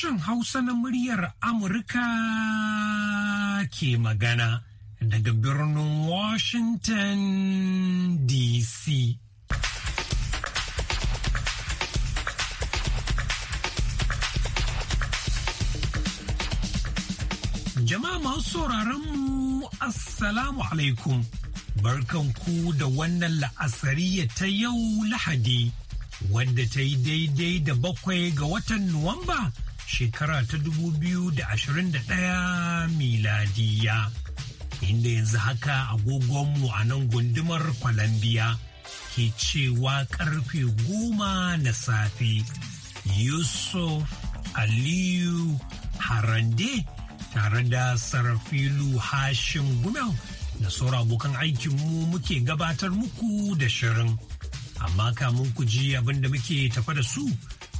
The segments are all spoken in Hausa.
sashen Hausa na muryar Amurka ke magana daga birnin Washington DC. Jama'a masu sauraron mu Assalamu alaikum. ku da wannan la'asariya ta yau Lahadi. wadda ta yi daidai da bakwai ga watan Nuwamba shekara ta 2021 miladiya inda yanzu haka agogonmu a nan gundumar kwalambiya ke cewa karfe goma na safe yusuf aliyu harande tare da sarafilu hashin gumel da sauran abokan aikinmu muke gabatar muku da shirin amma kamun ku ji abinda muke tafa da su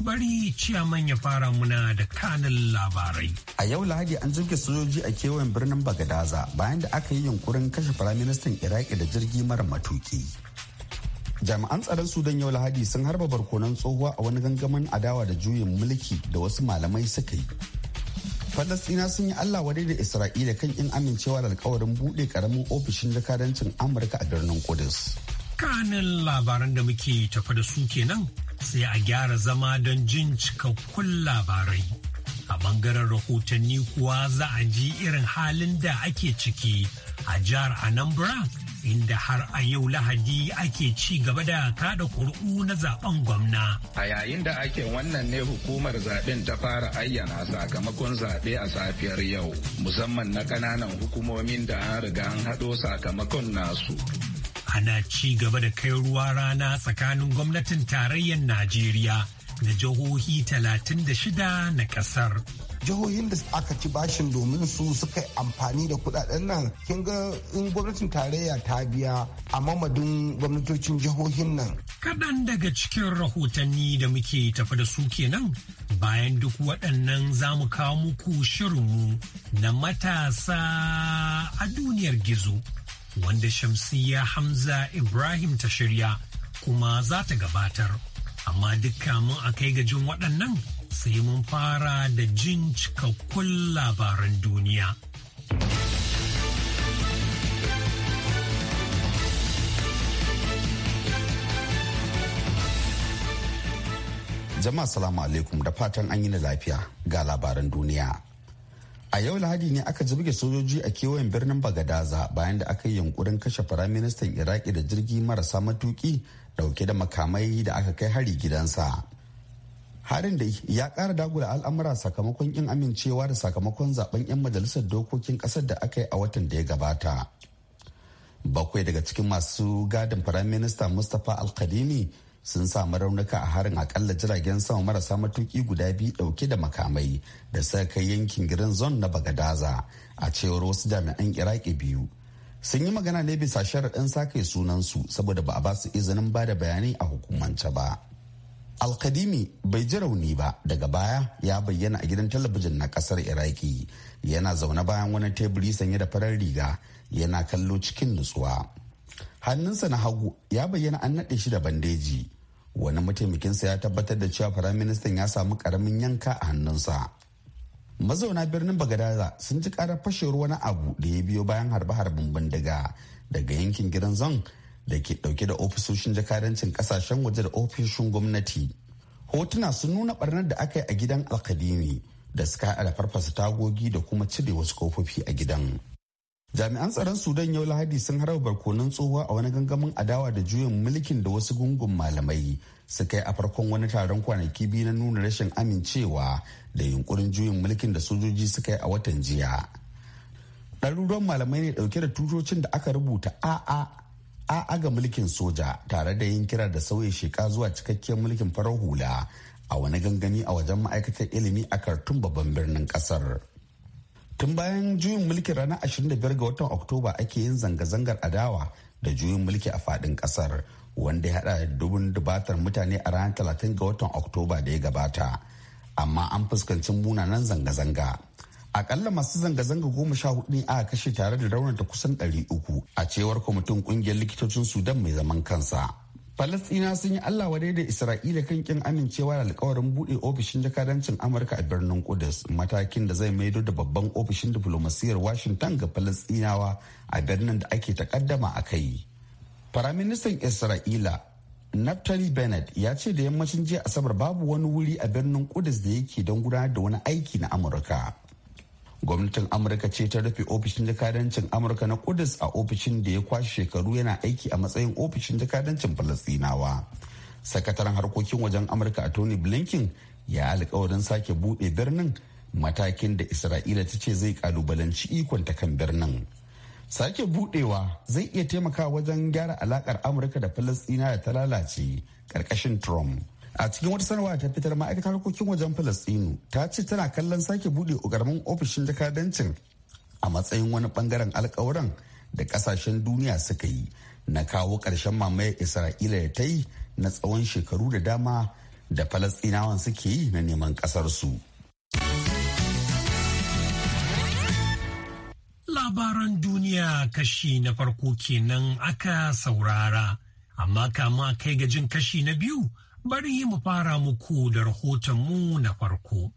bari ciyaman ya fara muna da kanin labarai. A yau Lahadi an jirge sojoji a kewayen birnin Bagadaza bayan da aka yi yunkurin kashe firaministan Iraki da jirgi mara matuki. Jami'an tsaron Sudan yau Lahadi sun harba barkonan tsohuwa a wani gangamin adawa da juyin mulki da wasu malamai suka yi. Falasɗina sun yi Allah wadai da Isra'ila kan in amincewa da alkawarin buɗe ƙaramin ofishin jakadancin Amurka a birnin Kudus. Kanin labaran da muke tafa da su kenan sai a gyara zama don jin cikakkun labarai. A bangaren rahotanni kuwa za a ji irin halin da ake ciki a jihar Anambra inda har a yau lahadi ake ci gaba da kada ƙuri'u na zaben gwamna. A yayin da ake wannan ne hukumar zaben ta fara ayyana sakamakon zaɓe a safiyar yau, musamman na ƙananan hukumomin da an riga an haɗo sakamakon nasu. ana ci gaba da kai ruwa rana tsakanin gwamnatin tarayyar Najeriya da jihohi 36 na kasar. jihohin da aka ci bashin domin su suka amfani da kudaden nan kin ga in gwamnatin tarayya ta biya a mamadin gwamnatocin jihohin nan kaɗan daga cikin rahotanni da muke tafi da su kenan bayan duk waɗannan za mu kawo muku shirinmu na matasa a duniyar gizo wanda Shamsiyya Hamza Ibrahim ta shirya kuma za ta gabatar. Amma dukka mun a kai gajin waɗannan sai mun fara da jin cikakkun labaran duniya. Jama'a salamu alaikum da fatan an yi na lafiya ga labaran duniya. a yau lahadi ne aka zubge sojoji a kewayen birnin bagadaza bayan da aka yi yunkurin kashe firaministan iraki da jirgi marasa matuki dauke da makamai da aka kai hari gidansa harin da ya kara dagula al'amura sakamakon yin amincewa da sakamakon zaben 'yan majalisar dokokin kasar da aka yi a watan da ya gabata bakwai daga cikin masu gadin firaminista mustapha alkadimi sun samu raunuka a harin akalla jiragen sama marasa matuki guda biyu dauke da makamai da sarkai yankin girin zon na bagadaza a cewar wasu jami'an iraki biyu sun yi magana ne bisa sharaɗin sake sunansu saboda ba a ba su izinin ba da bayanai a hukumance ba alkadimi bai ji rauni ba daga baya ya bayyana a gidan talabijin na kasar iraki yana zaune bayan wani teburi sanye da farar riga yana kallo cikin nutsuwa hannunsa na hagu ya bayyana an naɗe shi da bandeji wani mataimakinsa ya tabbatar da cewa firaministan ya samu karamin yanka a hannunsa mazauna birnin bagadaza sun ji karar fashewar wani abu da ya biyo bayan harbe-harben bindiga daga yankin gidan zon da ke dauke da ofisoshin jakadancin kasashen waje da ofishin gwamnati hotuna sun nuna barnar da aka yi a gidan alkadimi da suka da farfasa tagogi da kuma cire wasu kofofi a gidan jami'an tsaron sudan yau lahadi sun harba barkonon tsohuwa a wani gangamin adawa da juyin mulkin da wasu gungun malamai suka yi a farkon wani taron kwanaki biyu na nuna rashin amincewa da yunkurin juyin mulkin da sojoji suka yi a watan jiya ɗaruruwan malamai ne ɗauke da tutocin da aka rubuta a'a a'a ga mulkin soja tare da yin kira da sauya sheka zuwa cikakkiyar mulkin farar hula a wani gangami a wajen ma'aikatar ilimi a kartun babban birnin ƙasar. tun bayan juyin mulki ranar 25 ga watan oktoba ake yin zanga-zangar adawa da juyin mulki a fadin kasar wanda ya hada da dubun dubatar mutane a ranar 30 ga watan oktoba da ya gabata amma an fuskanci munanan zanga-zanga akalla masu zanga-zanga goma sha hudu ne aka kashe tare da raunata kusan ɗari uku a cewar kwamitin ƙungiyar likitocin sudan mai zaman kansa falastina sun yi allah wadai da isra'ila kan kin amincewa da alkawarin buɗe ofishin jakadancin amurka a birnin kudus matakin da zai maido da babban ofishin diflomasiyar washington ga falasɗinawa a birnin da ake takaddama a kai firaministan isra'ila naftali bennett ya ce da yammacin jiya asabar babu wani wuri a birnin kudus da yake don gudanar da wani aiki na amurka gwamnatin amurka ce ta rufe ofishin jakadancin amurka na kudus a ofishin da ya kwashe shekaru yana aiki a matsayin ofishin jakadancin falastinawa sakataren harkokin wajen amurka a tony blinken ya alkawarin sake buɗe birnin matakin da isra'ila ta ce zai kalubalanci ikon ta kan birnin sake buɗewa zai iya taimaka wajen gyara alakar amurka da falastina da ta lalace karkashin trump a cikin wata sanarwa ta fitar ma'aikatar harkokin wajen falastinu ta ce tana kallon sake buɗe ƙaramin ofishin jakadancin a matsayin wani ɓangaren alkawuran da ƙasashen duniya suka yi na kawo ƙarshen mamayar isra'ila da ta yi na tsawon shekaru da dama da falastinawan suke yi na neman ƙasarsu. labaran duniya kashi na farko kenan aka saurara amma kama kai gajin kashi na biyu Bari mu fara muku da rahotonmu na farko.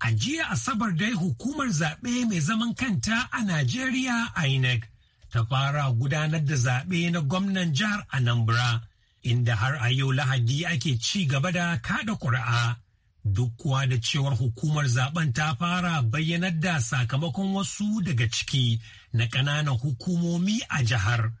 A jiya Asabar dai hukumar zaɓe mai zaman kanta a Najeriya INEC ta fara gudanar da zaɓe na gwamnan jihar Anambra, inda har a yau Lahadi ake ci gaba da kaɗa ƙuri'a. Duk kuwa da cewar hukumar zaben ta fara bayyanar da sakamakon wasu daga ciki na ƙananan hukumomi a jihar.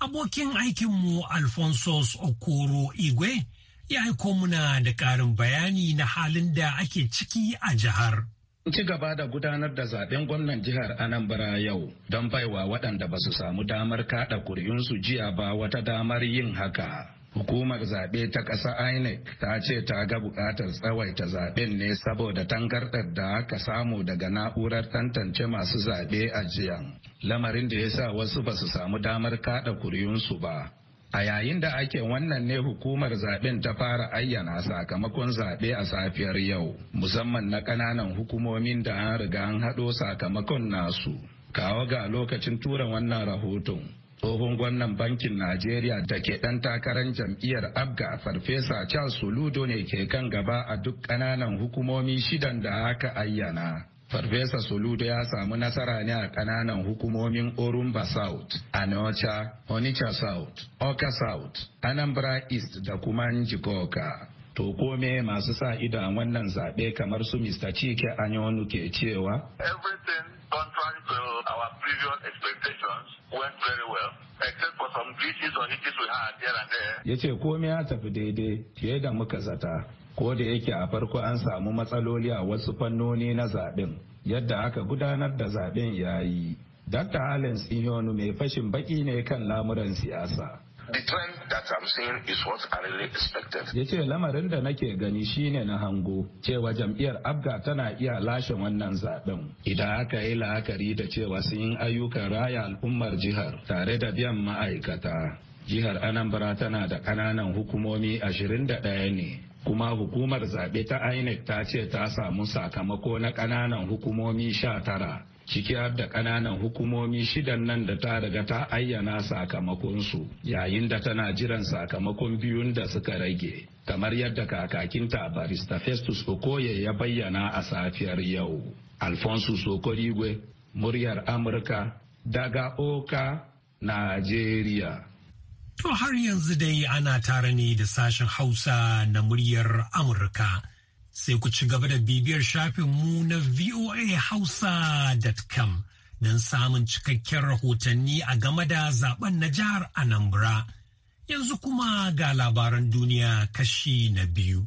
Abokin aikinmu Alphonsus Okoro Igwe ya aiko muna da ƙarin bayani na halin da ake ciki a jihar. ci gaba da gudanar da zaben gwamnan jihar anambra yau don baiwa waɗanda ba su samu damar kaɗa kuri'unsu jiya ba wata damar yin haka hukumar zaɓe ta ƙasa inec ta ce ta ga buƙatar tsawaita zaɓen ne saboda tangarɗar da aka samu daga na'urar tantance masu zaɓe a jiya lamarin da ya sa wasu ba su samu damar kaɗa kuri'unsu ba A yayin da ake wannan ne hukumar zaben ta fara ayyana sakamakon zaɓe a safiyar yau, musamman na ƙananan hukumomin da an riga an haɗo sakamakon nasu. Kawo ga lokacin tura wannan rahoton. Tsohon gwamnan bankin Najeriya da ke ɗan takarar jam'iyyar Abga Farfesa Charles Soludo ne ke kan gaba a duk ƙananan hukumomi shidan da aka ayyana. Farfesa Soludo ya samu nasara ne a ƙananan hukumomin Orumba South, Anocha, Onitsha South, Oka South, Anambra East da kuma Njikoka. To kome masu sa ido a wannan zaɓe kamar su Mr. Chike Anyonu ke cewa? Everything contrary to our previous expectations went very well. Except for some glitches or hitches we had here and there. Ya ce kome ya tafi daidai fiye da muka zata. ko da yake a farko an samu matsaloli a wasu fannoni na zaɓen yadda aka gudanar da zaɓen ya yi dr allen sinyonu mai fashin baki ne kan lamuran siyasa Ya ce lamarin da nake gani shine na hango cewa jam'iyyar Abga tana iya lashe wannan zaɓen. Idan aka yi la'akari da cewa sun yi ayyukan raya al'ummar jihar tare da biyan ma'aikata. Jihar Anambra tana da ƙananan hukumomi 21 ne kuma hukumar zaɓe ta inec ta ce ta samu sakamako na ƙananan hukumomi sha tara ciki har da ƙananan hukumomi shidan nan da ta riga ta ayyana sakamakonsu yayin da tana jiran sakamakon biyun da suka rage kamar yadda kakakinta barista festus okoye ya bayyana a safiyar yau alphonsus sokorigwe muryar amurka daga oka najeriya To har yanzu dai ana tara ne da sashen Hausa na muryar Amurka. Sai ku ci gaba da bibiyar shafinmu na voahausa.com don samun cikakken rahotanni a game da zaben na jihar Anambra. Yanzu kuma ga labaran duniya kashi na biyu.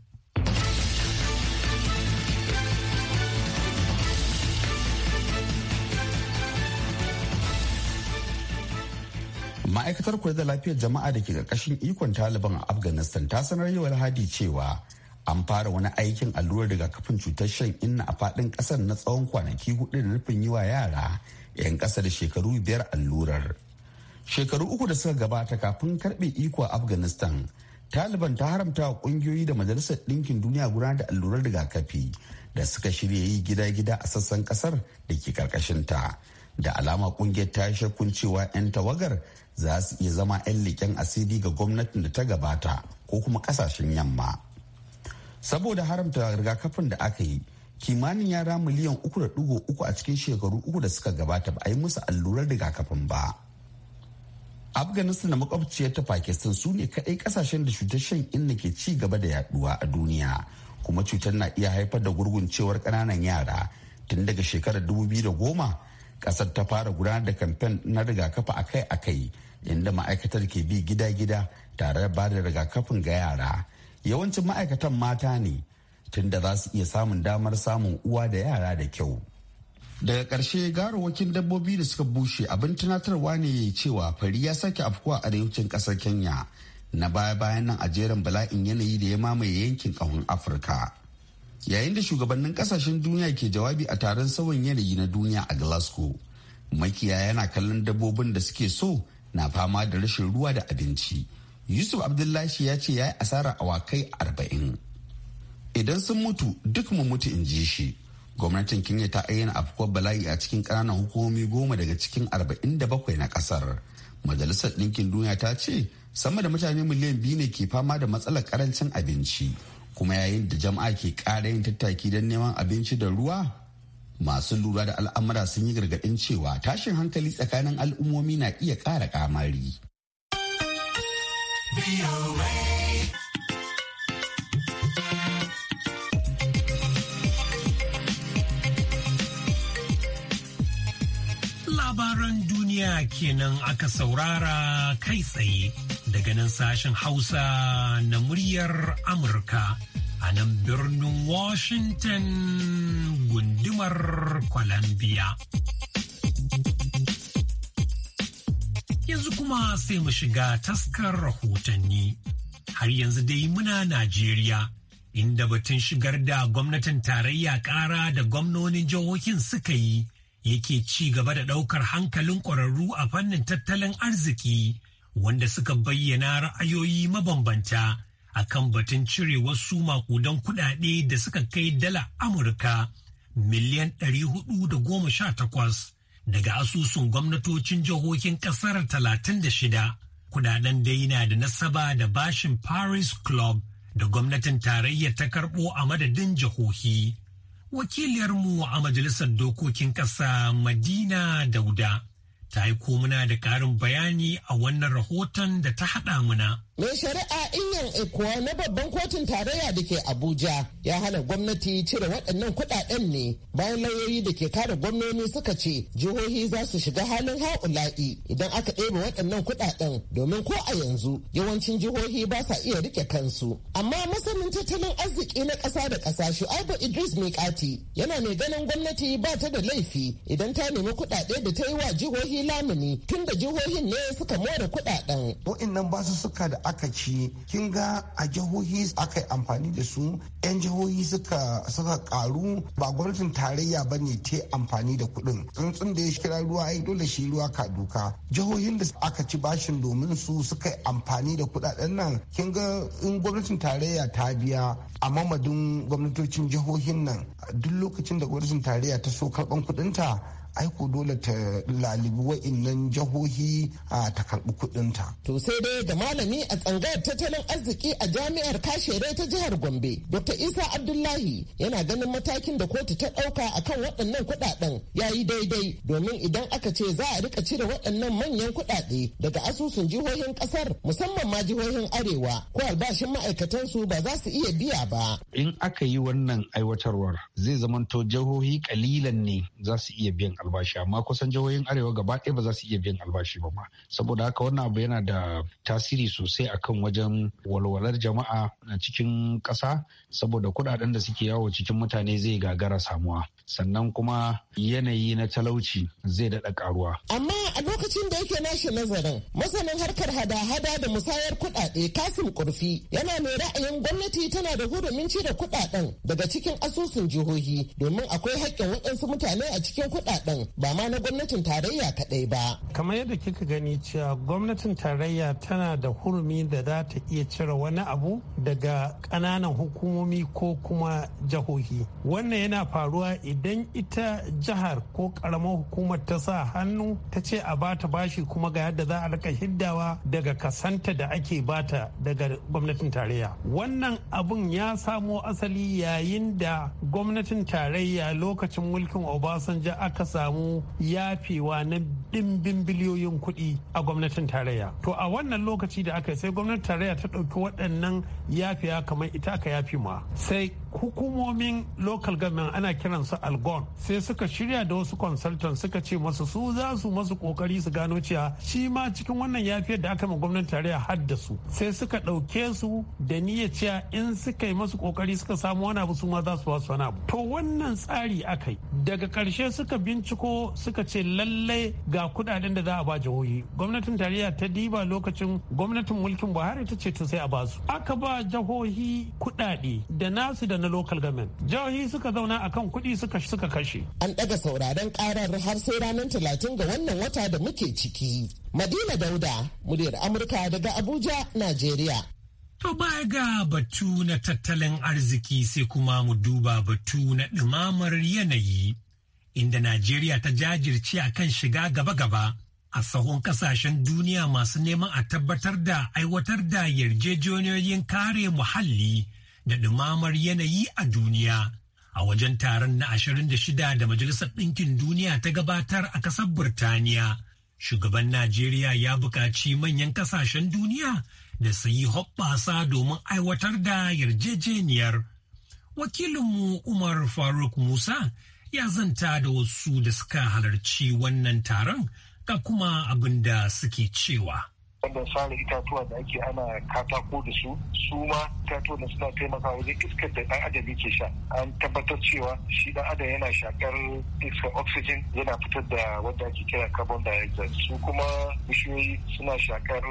ma'aikatar kula da lafiyar jama'a da ke ƙarƙashin ikon taliban a afghanistan ta sanar yau alhadi cewa an fara wani aikin allurar rigakafin cutar shan inna a fadin kasar na tsawon kwanaki hudu da nufin yi wa yara 'yan ƙasa da shekaru biyar allurar shekaru uku da suka gabata kafin karbe iko a afghanistan taliban ta haramta wa kungiyoyi da majalisar ɗinkin duniya gudanar da allurar rigakafi da suka shirya yi gida-gida a sassan kasar da ke karkashin da alama kungiyar ta shakkun cewa 'yan tawagar za su iya zama 'yan leƙen asiri ga gwamnatin da ta gabata ko kuma ƙasashen yamma saboda haramta rigakafin da aka yi kimanin yara miliyan uku da ɗigo uku a cikin shekaru uku da suka gabata ba a yi musu allurar rigakafin ba afghanistan da makwabciyar ta pakistan su ne kaɗai ƙasashen da cutar shan inna ke ci gaba da yaɗuwa a duniya kuma cutar na iya haifar da gurguncewar ƙananan yara tun daga shekarar 2010 ƙasar ta fara gudanar da kamfen na rigakafi akai-akai inda ma'aikatar ke bi gida-gida tare da bada rigakafin ga yara yawancin ma'aikatan mata ne tun da za su iya samun damar samun uwa da yara da kyau daga ƙarshe garowakin dabbobi da suka bushe abin tunatarwa ne cewa fari ya sake afkuwa a arewacin ƙasar kenya na baya-bayan nan a jerin bala'in yanayi da ya mamaye yankin ƙahon afirka yayin da shugabannin ƙasashen duniya ke jawabi a taron sauyin yanayi na duniya a glasgow makiya yana kallon dabbobin da suke so na fama da rashin ruwa da abinci yusuf abdullahi ya ce ya yi asara awakai arba'in idan sun mutu duk mu mutu in ji shi gwamnatin kenya ta ayyana afkuwar bala'i a cikin ƙananan hukumomi goma daga cikin arba'in da bakwai na ƙasar majalisar ɗinkin duniya ta ce sama da mutane miliyan biyu ne ke fama da matsalar karancin abinci kuma yayin da jama'a ke ƙara yin tattaki don neman abinci da ruwa masu lura da al'amura sun yi gargaɗin cewa tashin hankali tsakanin al'ummomi na iya ƙara kamari. Labaran duniya kenan aka saurara kai tsaye daga nan sashen Hausa na muryar Amurka a nan birnin Washington gundumar Columbia. Yanzu kuma sai mu shiga taskar rahotanni. Har yanzu dai muna Najeriya. inda batun shigar da gwamnatin tarayya ƙara da gwamnonin jihohin suka yi yake ci gaba da ɗaukar hankalin ƙwararru a fannin tattalin arziki wanda suka bayyana ra'ayoyi mabambanta akan batun cire wasu makudan kuɗaɗe da suka kai dala Amurka miliyan 418 daga asusun gwamnatocin jihohin ƙasar 36. Kudaden dai na da nasaba da bashin Paris Club da gwamnatin tarayya ta karɓo a madadin jihohi. Wakiliyar mu a Majalisar Dokokin Ƙasa Madina Dauda ta yi komuna da ƙarin bayani a wannan rahoton da ta haɗa muna. mai shari'a inyan ikuwa na babban kotun tarayya da ke abuja ya hana gwamnati cire waɗannan kuɗaɗen ne bayan lauyoyi da ke kare gwamnoni suka ce jihohi za su shiga halin ha'ula'i idan aka ɗebe waɗannan kuɗaɗen domin ko a yanzu yawancin jihohi ba sa iya rike kansu amma masanin tattalin arziki na ƙasa da ƙasa shu'aibu idris mikati yana mai ganin gwamnati ba ta da laifi idan ta nemi kuɗaɗe da ta yi wa jihohi lamuni tun da jihohin ne suka more kuɗaɗen. basu suka da aka ci kin ga a jihohi aka yi amfani da su 'yan jihohi suka suka karu ba gwamnatin tarayya ba ne ta amfani da kuɗin tsuntsun da ya kira ruwa ai dole shi ruwa ka duka jihohin da aka ci bashin domin su suka yi amfani da kuɗaɗen nan kin ga in gwamnatin tarayya ta biya a mamadin gwamnatocin jihohin nan duk lokacin da gwamnatin tarayya ta so karɓan kudinta aiko dole ta lalibi wa'innan jihohi a ta karɓi kuɗinta. To sai dai da malami a tsangayar tattalin arziki a jami'ar kashere ta jihar Gombe, Dr. Isa Abdullahi yana ganin matakin da kotu ta ɗauka akan waɗannan kuɗaɗen ya yi daidai domin idan aka ce za a rika cire waɗannan manyan kuɗaɗe daga asusun jihohin ƙasar musamman ma jihohin arewa ko albashin ma'aikatansu ba za su iya biya ba. In aka yi wannan aiwatarwar zai zamanto jihohi kalilan ne za su iya biyan albashi amma kusan jihohin arewa gaba ɗaya ba za su iya biyan albashi ba ma saboda haka wannan abu yana da tasiri sosai akan wajen walwalar jama'a a cikin ƙasa saboda kuɗaɗen da suke yawo cikin mutane zai gagara samuwa sannan kuma yanayi na talauci zai daɗa ƙaruwa. amma a lokacin da yake nashi nazarin masanin harkar hada-hada da musayar kuɗaɗe kasim kurfi yana mai ra'ayin gwamnati tana da hurumin da kuɗaɗen daga cikin asusun jihohi domin akwai haƙƙin waɗansu mutane a cikin kuɗaɗen nan ba ma na gwamnatin tarayya kaɗai ba. Kamar yadda kika gani cewa gwamnatin tarayya tana da hurumi da za ta iya cire wani abu daga ƙananan hukumomi ko kuma jahohi. Wannan yana faruwa idan ita jihar ko ƙaramar hukumar ta sa hannu ta ce a bata bashi kuma ga yadda za a rika hiddawa daga kasanta da ake bata daga gwamnatin tarayya. Wannan abun ya samo asali yayin da gwamnatin tarayya lokacin mulkin Obasanjo aka samu yafewa na dimbin biliyoyin kuɗi a gwamnatin tarayya to a wannan lokaci da aka yi sai gwamnatin tarayya ta ɗauki waɗannan yafewa kamar ita aka yafi ma sai hukumomin local government ana kiransu algon sai suka shirya da wasu consultant suka ce masu su za su masu kokari su gano cewa shi ma cikin wannan yafiyar da aka ma gwamnatin tarayya haddasu sai suka ɗauke su da niyya cewa in suka yi masu kokari suka samu wani abu su ma za su wasu wani abu to wannan tsari aka yi daga ƙarshe suka binciko suka ce lallai ga kuɗaɗen da za a ba jihohi gwamnatin tarayya ta diba lokacin gwamnatin mulkin buhari ta ce ta sai a ba su aka ba jihohi kuɗaɗe da nasu da na na local government jihohi suka zauna akan kuɗi suka suka kashe an ɗaga sauraron ƙarar har sai ranar talatin ga wannan wata da muke ciki madina dauda muryar amurka daga abuja najeriya To baya ga batu na tattalin arziki sai kuma mu duba batu na ɗumamar yanayi, inda Najeriya ta jajirce a kan shiga gaba-gaba a sahun kasashen duniya masu neman a tabbatar da aiwatar da yarjejeniyoyin kare muhalli da ɗumamar yanayi a duniya a wajen taron na 26 da Majalisar Ɗinkin Duniya ta gabatar a ƙasar Burtaniya. Shugaban Najeriya ya buƙaci manyan ƙasashen duniya da su yi hoɓɓasa domin aiwatar da yarjejeniyar. Wakilinmu Umar Faruk Musa ya zanta da wasu da suka halarci wannan taron ga kuma abin da suke cewa. wanda sare itatuwa da ake ana katako da su su ma itatuwa da suna taimakawa wajen iskar da dan adam yake sha an tabbatar cewa shi dan adam yana shakar iskar oxygen yana fitar da wanda ake kira carbon dioxide su kuma bishiyoyi suna shakar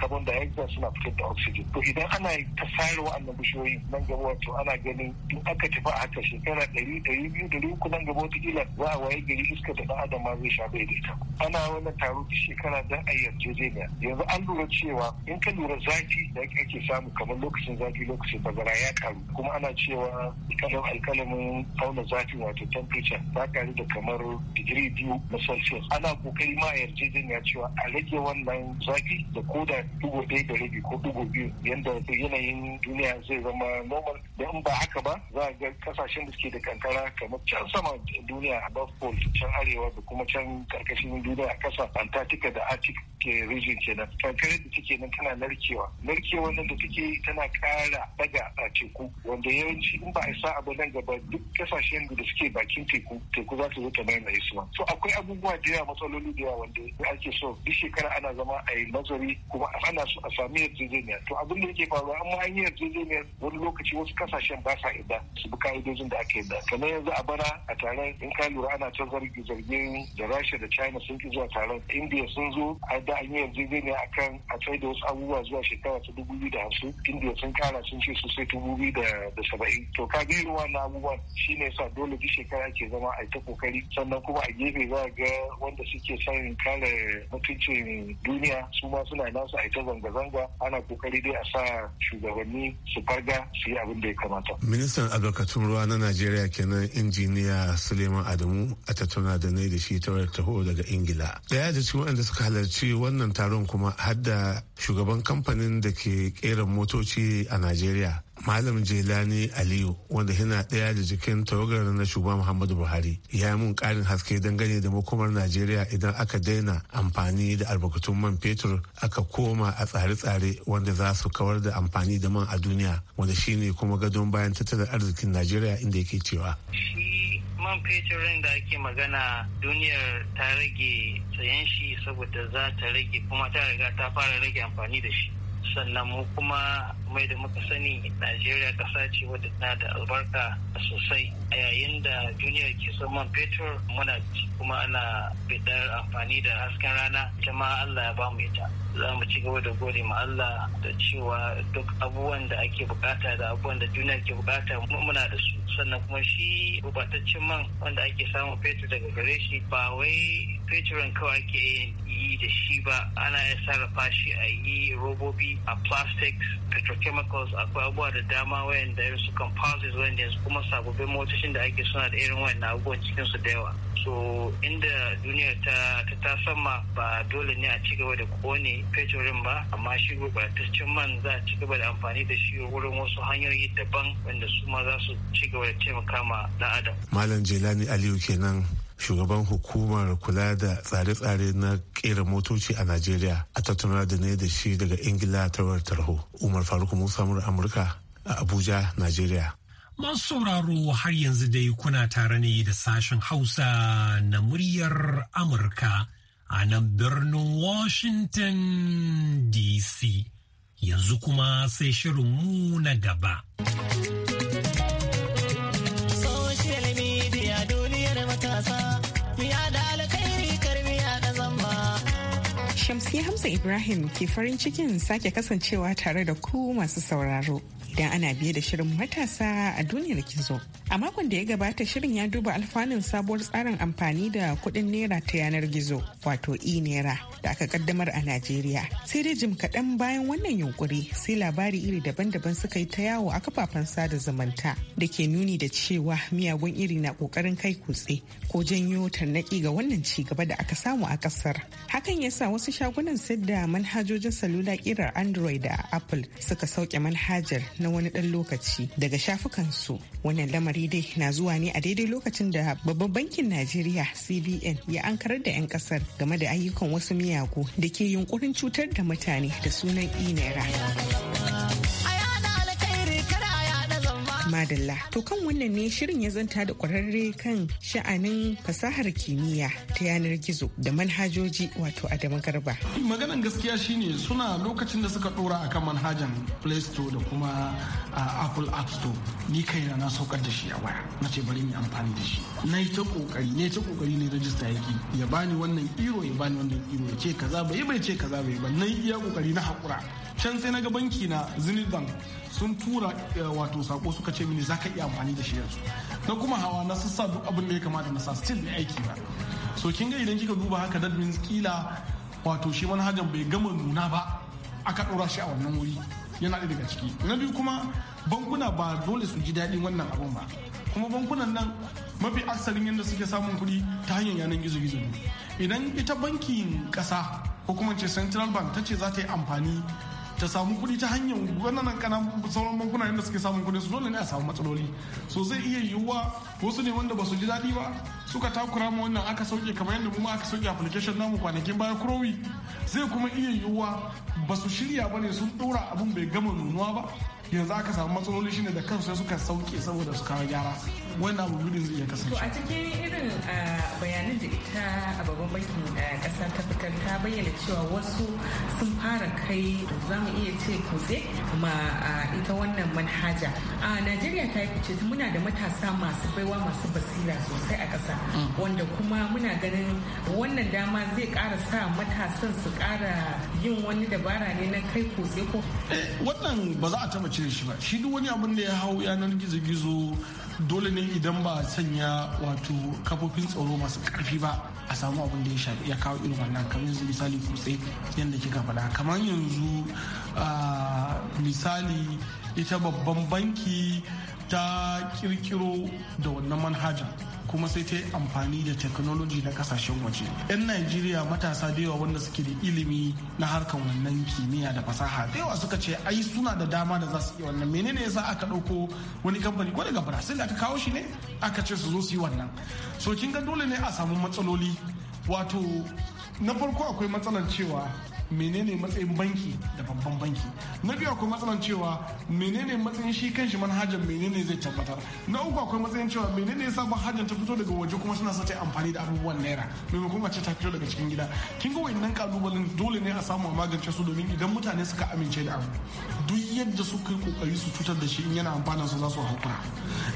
carbon dioxide suna fitar da oxygen to idan ana ta sare wa'annan bishiyoyi nan gaba wato ana ganin in aka tafi a haka shekara ɗari ɗari biyu da uku nan gaba wataƙila za a waye gari iskar da dan adam ma zai sha bai da ita ana wannan taro duk shekara dan a yarjejeniya yanzu an lura cewa in ka lura zafi da ake samu kamar lokacin zafi lokacin bazara ya karu kuma ana cewa kalan alkalamin auna zafi wato temperature ta karu da kamar digiri biyu na celsius ana kokari ma a yarjejeniya cewa a rage wannan zafi da ko da dubu ɗaya da rabi ko dubu biyu yadda yanayin duniya zai zama normal da in ba haka ba za a ga kasashen da suke da kankara kamar can sama duniya above pole can arewa da kuma can karkashin duniya a kasa antarctica da arctic take rigid kenan kankarar da take nan tana narkewa narkewa nan da take tana kara daga a teku wanda yawanci in ba a sa abu nan gaba duk kasashen da suke bakin teku teku za su zo ta maimaye su so akwai abubuwa da yawa matsaloli da yawa wanda ake so duk shekara ana zama a yi nazari kuma ana so a sami yarjejeniya to abin da yake faruwa amma an yi yarjejeniya wani lokaci wasu kasashen ba sa yadda su bi ka'idojin da aka yadda kamar yanzu a bara a tare in ka lura ana ta zargi zargin da rasha da china sun ki zuwa taron india sun zo a da an yi ne a kan a tsaye da wasu abubuwa zuwa shekara ta dubu biyu da hamsin indiya sun kara sun ce su sai dubu biyu da saba'in to ka biyu ruwa na abubuwa shi ne sa dole duk shekara ke zama a ta kokari sannan kuma a gefe za ga wanda suke son kare mutuncin duniya su ma suna nasu a ta zanga-zanga ana kokari dai a sa shugabanni su farga su yi abin da ya kamata. ministan albarkatun ruwa na najeriya kenan injiniya suleiman adamu a tattauna da nai da shi ta wayar taho daga ingila daya da cikin waɗanda suka halarci wannan taron kuma hadda shugaban kamfanin da ke kera motoci a najeriya malam jelani aliyu wanda yana ɗaya da jikin tawagar na shugaba muhammadu buhari ya yi mun ƙarin haske dangane da makomar najeriya idan aka daina amfani da albarkatun man fetur aka koma a tsare-tsare wanda za su kawar da amfani da man a duniya wanda shine kuma gadon bayan tattalin arzikin najeriya inda yake cewa man fetirin da ake magana duniyar ta rage sayan shi saboda za ta rage kuma ta riga ta fara rage amfani da shi sannan mu kuma kuma da muka sani najeriya kasa ce wadda na da albarka sosai a yayin da duniya ke saman man fetur muna kuma ana bidar amfani da hasken rana jama'a allah ya bamu ita za mu ci gaba da gode ma allah da cewa duk abubuwan da ake bukata da abubuwan da duniya ke bukata muna da su sannan kuma shi gubataccen man wanda ake samun fetur daga gare shi ba wai feturin kawai ake yi. amfani da shi ba ana ya sarrafa shi a yi robobi a plastics petrochemicals akwai abubuwa da dama wayanda irin su composites wayanda yanzu kuma sababbin motocin da ake suna da irin wayannan abubuwan cikin su da yawa so inda duniyar ta ta sama ba dole ne a cigaba da kone fetorin ba amma shi gurɓataccen man za a cigaba da amfani da shi wurin wasu hanyoyi daban wanda su ma za su cigaba da taimaka ma dan adam malam jelani aliyu kenan shugaban hukumar kula da tsare-tsare na kera motoci a najeriya a tattauna da ne da shi daga ingila ta tarho umar faruk musa mura amurka a abuja najeriya masu sauraro har yanzu dai kuna tare ne da sashen hausa na muryar amurka a nan birnin washington dc yanzu kuma sai shirin mu na gaba. ni Hamza Ibrahim ke farin cikin sake kasancewa tare da ku masu sauraro. idan ana biye da shirin matasa a duniyar gizo. A makon da ya gabata shirin ya duba alfanun sabuwar tsarin amfani da kudin naira ta yanar gizo wato e-naira da aka kaddamar a Najeriya. Sai dai jim kaɗan bayan wannan yunkuri sai labari iri daban-daban suka yi ta yawo a kafafen sada zumunta da ke nuni da cewa miyagun iri na ƙoƙarin kai kutse ko janyo tarnaƙi ga wannan ci gaba da aka samu a ƙasar. Hakan ya sa wasu shagunan sayar da manhajojin salula kirar Android da Apple suka sauke manhajar na wani ɗan lokaci daga shafukan su Wannan lamari dai na zuwa ne a daidai lokacin da babban bankin Najeriya CBN ya ankarar da 'yan kasar game da ayyukan wasu miyagu da ke yunkurin cutar da mutane da sunan inera. madalla to kan wannan ne shirin ya zanta da kwararre kan sha'anin fasahar kimiyya ta yanar gizo da manhajoji wato adamu garba maganan gaskiya shine suna lokacin da suka dora akan manhajan play store da kuma apple app store ni kaina na saukar da shi a waya na ce bari ni amfani da shi na yi ta kokari ne ta kokari ne rajista yake ya bani wannan iro ya bani wannan iro ya ce kaza bai bai ce kaza bai ba na yi iya kokari na hakura can sai na ga banki na zenith bank sun tura eh, wato sako suka ce mini zaka iya amfani da shi yanzu na kuma hawa na sassa duk abin da ya kamata na sa still mai aiki ba so kin ga idan kika duba haka that means kila wato shi manhajan bai gama nuna ba aka ɗora shi a wannan wuri yana ɗaya daga ciki na biyu kuma bankuna ba dole su ji daɗin wannan abun ba kuma bankunan nan mafi aksarin yadda suke samun kuɗi ta hanyar yanar gizo-gizo ne idan ita bankin ƙasa ko kuma ce central bank ta ce za ta yi amfani ta samu kuɗi ta hanyar wannan kana sauran bankuna inda suke samun kuɗi su dole ne a samu matsaloli so zai iya yiwuwa wasu ne wanda ba su ji daɗi ba suka takura mu wannan aka sauke kamar yadda mu aka sauke application namu kwanakin baya kurowi zai kuma iya yiwuwa ba su shirya ba ne sun ɗora abin bai gama nunuwa ba yanzu aka samu matsaloli shine da kansu suka sauke saboda su kawo gyara wani abu gudun zai iya kasance. a cikin irin ah, bayanan da ita a babban bankin kasa ah, ta fitar ta bayyana cewa wasu sun fara kai za mu iya ce kutse ma ah, ita wannan manhaja. A Najeriya ta yi fice muna da matasa masu baiwa masu basira sosai a ƙasa mm. wanda kuma muna ganin wannan dama zai ƙara sa matasan su ƙara yin wani dabara ne na kai kutse ko. Eh, wannan ba za a taba cire shi ba. Shi duk wani abin da ya hau yanar gizo-gizo dole ne idan ba sanya wato kafofin tsaro masu karfi ba a samu abin da ya kawo irin wannan kamar yanzu misali kutse yadda kika faɗa kamar yanzu misali ita babban banki ta kirkiro da wannan manhaja kuma sai ta yi amfani da technology na kasashen waje yan najeriya matasa da yawa wanda suke da ilimi na harkan wannan kimiyya da fasaha da yawa suka ce ai suna da dama da za su iya wannan menene yasa aka ɗauko wani kamfani ko daga brazil aka kawo shi ne aka ce su zo su yi wannan so kin ga dole ne a samu matsaloli wato na farko akwai matsalar cewa menene matsayin banki da babban banki na biyu akwai matsalan cewa menene matsayin shi kan shi manhajar menene zai tabbatar na uku akwai matsayin cewa menene yasa manhajar ta fito daga waje kuma suna sace amfani da abubuwan naira maimakon a ce ta fito daga cikin gida kin ga wayannan kalubalen dole ne a samu a magance su domin idan mutane suka amince da abu duk yadda suka yi kokari su cutar da shi in yana amfanin su za su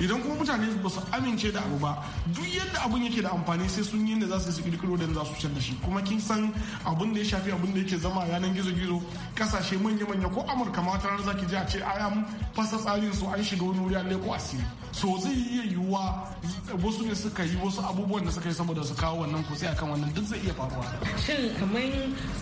idan kuma mutane ba su amince da abu ba duk yadda abun yake da amfani sai sun yi da za su yi su kirkiro da za su cutar da shi kuma kin san abun da ya shafi abun da yake zama yanan gizo-gizo kasashe manya-manya ko amurka mata ranar zaki ji a ce a an fasa tsarin su an shiga wani wuri a leko asiri so zai iya yiwuwa wasu ne suka yi wasu abubuwan da suka yi saboda su kawo wannan kutse akan wannan duk zai iya faruwa shin kamar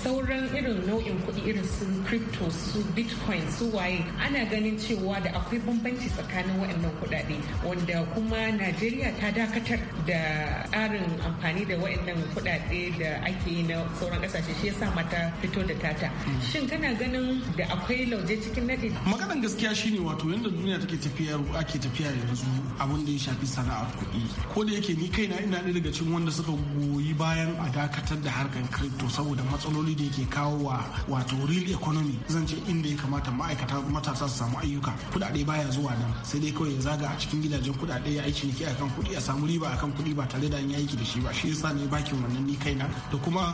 sauran irin nau'in kuɗi irin su crypto su bitcoin su waye ana ganin cewa da akwai bambanci tsakanin waɗannan kuɗaɗe wanda kuma najeriya ta dakatar da tsarin amfani da waɗannan kuɗaɗe da ake yi na sauran ƙasashe shi yasa mata fito da tata shin kana ganin da akwai lauje cikin nadi maganan gaskiya shine wato yadda duniya take tafiya ake tafiya yanzu abin da ya shafi sana'ar kuɗi ko da yake ni kaina ina ɗaya daga cikin wanda suka goyi bayan a dakatar da harkar crypto saboda matsaloli da yake kawo wa wato real economy zan ce inda ya kamata ma'aikata matasa su samu ayyuka kuɗaɗe baya zuwa nan sai dai kawai ya zaga a cikin gidajen kuɗaɗe ya aiki niki akan kuɗi a samu riba akan kuɗi ba tare da an yi aiki da shi ba shi yasa ne bakin wannan ni kaina da kuma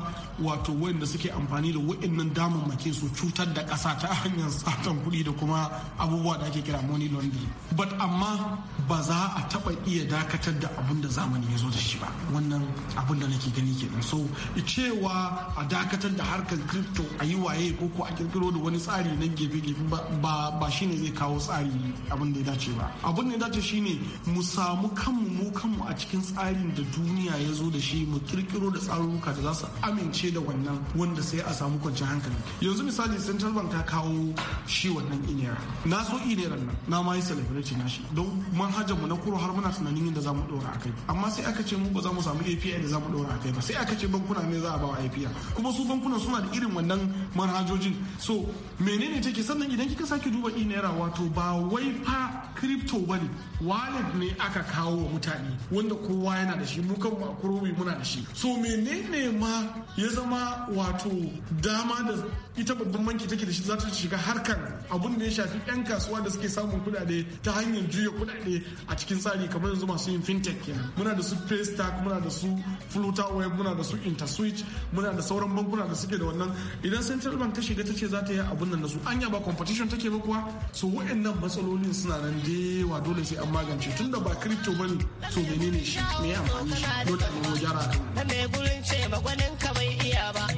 wato wanda suke amfani da irin wa'annan damammakin su cutar da ƙasa ta hanyar satan kuɗi da kuma abubuwa da ake kira money laundering but amma ba za a taɓa iya dakatar da abun da zamani ya zo da shi ba wannan abun da nake gani kenan so cewa a dakatar da harkar crypto a yi waye ko ko a kirkiro da wani tsari na gefe-gefe ba shine zai kawo tsari abin da ya dace ba abin da ya dace shine mu samu kanmu mu kanmu a cikin tsarin da duniya ya zo da shi mu kirkiro da tsarurruka da za su amince da wannan wanda sai a samu samu kwanciyar hankali yanzu misali central bank ta kawo shi wannan inera na so inera nan na ma yi na nashi don manhajar mu na kuro har muna tunanin yadda za mu dora kai amma sai aka ce mu ba za mu samu API da za mu dora kai ba sai aka ce bankuna ne za a ba wa API kuma su bankuna suna da irin wannan manhajojin so menene take sannan idan kika sake duba inera wato ba wai fa crypto bane wallet ne aka kawo wa mutane wanda kowa yana da shi mu kanmu a kurobi muna da shi so menene ma ya zama wato dama da ita babban banki take da shi za ta shiga harkar abun da ya shafi 'yan kasuwa da suke samun kudade ta hanyar juya kudade a cikin tsari kamar yanzu masu yin fintech kenan muna da su paystack muna da su flutterwave muna da su interswitch muna da sauran bankuna da suke da wannan idan central bank ta shiga ta ce za ta yi abun nan da su anya ba competition take ba kuwa so wa'annan matsalolin suna nan da yawa dole sai an magance tunda ba crypto bane to menene shi me amfani shi dole a nemo gyara kan. Me gurin ba ka bai iya ba.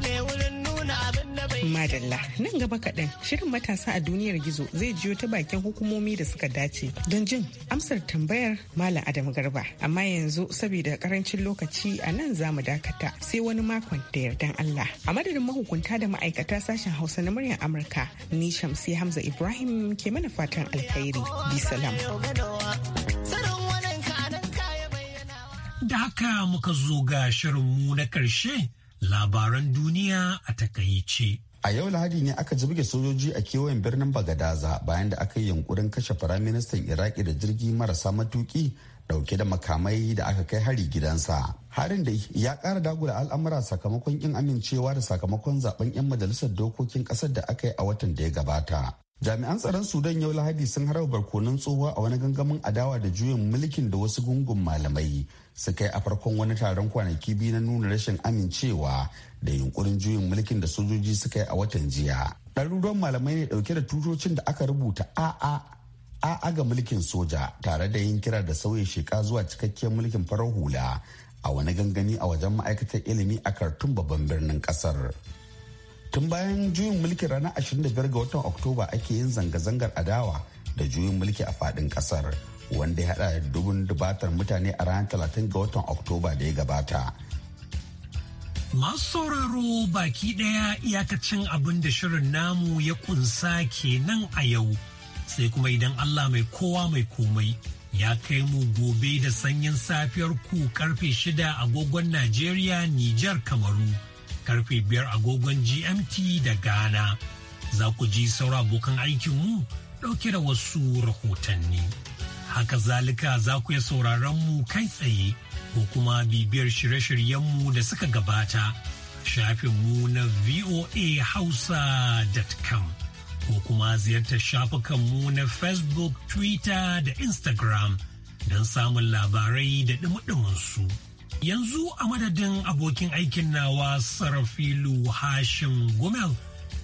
ne wurin nuna abin da madalla nan gaba kaɗan shirin matasa a duniyar gizo zai jiyo ta bakin hukumomi da suka dace don jin amsar tambayar malam Adamu garba amma yanzu saboda karancin lokaci a nan za mu dakata sai wani makon da yardan allah a madadin mahukunta da ma'aikata sashen hausa na muryar amurka ni shamsi hamza ibrahim ke mana fatan alkhairi bi salam da haka muka zo ga mu na karshe labaran duniya a takaice. A yau Lahadi ne aka jirge sojoji a kewayen birnin Bagadaza bayan da aka yi yunkurin kashe firaministan Iraki da jirgi marasa matuki dauke da makamai da aka kai hari gidansa. Harin da ya kara dagula al'amura sakamakon yin amincewa da sakamakon zaben 'yan majalisar dokokin kasar da aka yi a watan da ya gabata. jami'an tsaron sudan yau lahadi sun harba barkonon tsohuwa a wani gangamin adawa da juyin mulkin da wasu gungun malamai suka yi a farkon wani taron kwanaki biyu na nuna rashin amincewa da yunkurin juyin mulkin da sojoji suka yi a watan jiya ɗaruruwan malamai ne ɗauke da tutocin da aka rubuta a'a a'a ga mulkin soja tare da yin kira da sauya sheka zuwa cikakkiyar mulkin farar hula a wani gangami a wajen ma'aikatar ilimi a kartun babban birnin ƙasar. tun bayan juyin mulki ranar 25 ga watan oktoba ake yin zanga-zangar adawa da juyin mulki a fadin kasar wanda ya hada dubun dubatar mutane a ranar 30 ga watan oktoba da ya gabata masu sauraro baki daya iyakacin abin da shirin namu ya kunsa kenan a yau sai kuma idan allah mai kowa mai komai ya kai mu gobe da sanyin safiyar ku karfe shida agogon Najeriya, Nijar, Kamaru karfe biyar agogon GMT da Ghana. Za ku ji saura abokan aikinmu ɗauke da wasu rahotanni. Haka zalika za ku iya sauraron mu kai tsaye ko kuma bibiyar shirye-shiryenmu da suka gabata. Shafinmu na voahausa.com ko kuma ziyartar shafukanmu na Facebook, Twitter da Instagram don samun labarai da ɗumuɗuminsu. su. Yanzu a madadin abokin aikin nawa Sarafilu Hashim Gumel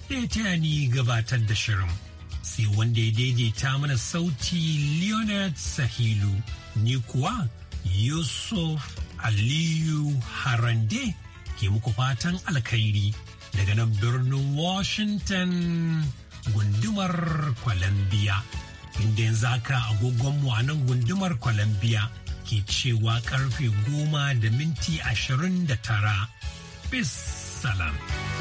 da ya taya ni gabatar da shirin. Sai wanda ya daidaita mana sauti Leonard Sahilu, ni kuwa Yusuf Aliyu Harande ke muku fatan alkhairi daga nan birnin Washington gundumar Columbia. Inda yanzu haka agogonmu a nan gundumar Columbia. ke cewa karfe goma da minti ashirin da tara. Bis salam.